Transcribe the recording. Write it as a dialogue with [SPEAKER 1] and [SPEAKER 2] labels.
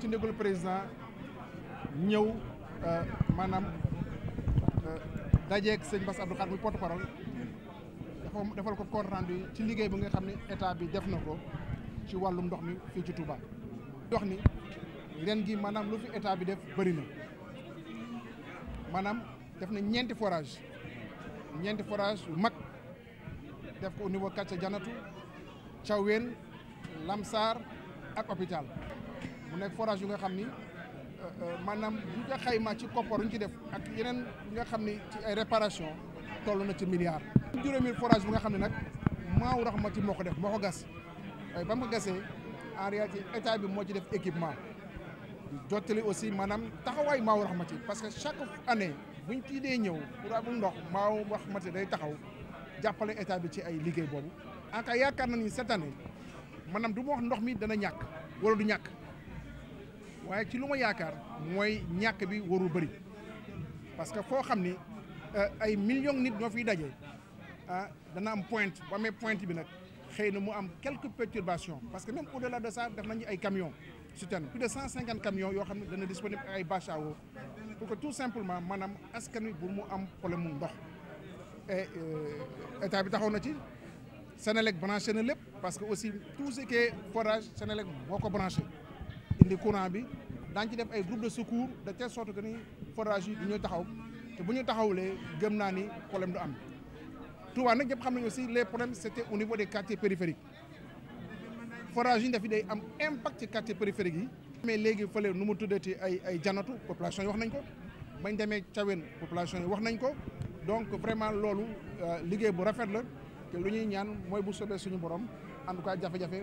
[SPEAKER 1] ci ndigalu président ñëw euh, maanaam euh, dajeeg sëñ Bass Abdou Khadre muy porte defal ko compte rendu ci liggéey bi nga xam ne état bi def na ko ci wàllum ndox mi fii ci Touba. ndox ni ren gi maanaam lu fi état bi def bëri na maanaam def na ñeenti forage ñeenti forage yu mag def ko au niveau Kaca Janatu Caween Lamsar ak hôpital mu nekk forage yu nga xam ni euh, euh, maanaam bu ñu ko ci koppar ñu ci def ak yeneen nga xam ni ci ay réparation toll na ci milliard juróomi forage bu nga xam ne nag maaw raxmati moo ko def moo ko gas waaye ba mu ko gasee en réalité état bi moo ci def équipement jottali aussi maanaam taxawaay maaw ci parce que chaque année buñ ci dee ñëw pour amul ndox maaw raxmati day taxaw jàppale état bi ci ay liggéey boobu en yaakaar na ni cette année maanaam du ma ndox mi dana ñàkk wala du ñàkk waaye ci lu ma yaakaar mooy ñàkk bi warul bëri parce que foo xam ni euh, ay millions nit ñoo fiy daje ah dana am pointe bu amee pointe bi nag xëy na mu am quelques perturbations parce que même au delà de ça def nañu ay camions citernes plus de cent cinquante camions yoo xam ne dana disponible ay bâches à eau pour que tout simplement maanaam askan wi bu mu am problème ndox et euh, état bi taxaw na ci Senelec branché na lépp parce que aussi tout ce qui est forage Senelec boo ko branché indi courant bi dañ ci def ay groupe de secours de telle sorte que ni forage yi ñu taxaw te buñu taxawlé gëm na ni problème du am Touba nak ñëpp xam nañu aussi les problèmes c'était au niveau des quartiers périphériques forage yi ñu def day am impact ci quartier périphérique yi. mais légui fële nu mu tuddati ay ay janatu population yi wax nañ ko bañ demee cawen population yi wax nañ ko donc vraiment lolu euh, liggéey bu rafet la te lu ñuy ñaan moy bu sobé suñu borom en tout cas jafé jafé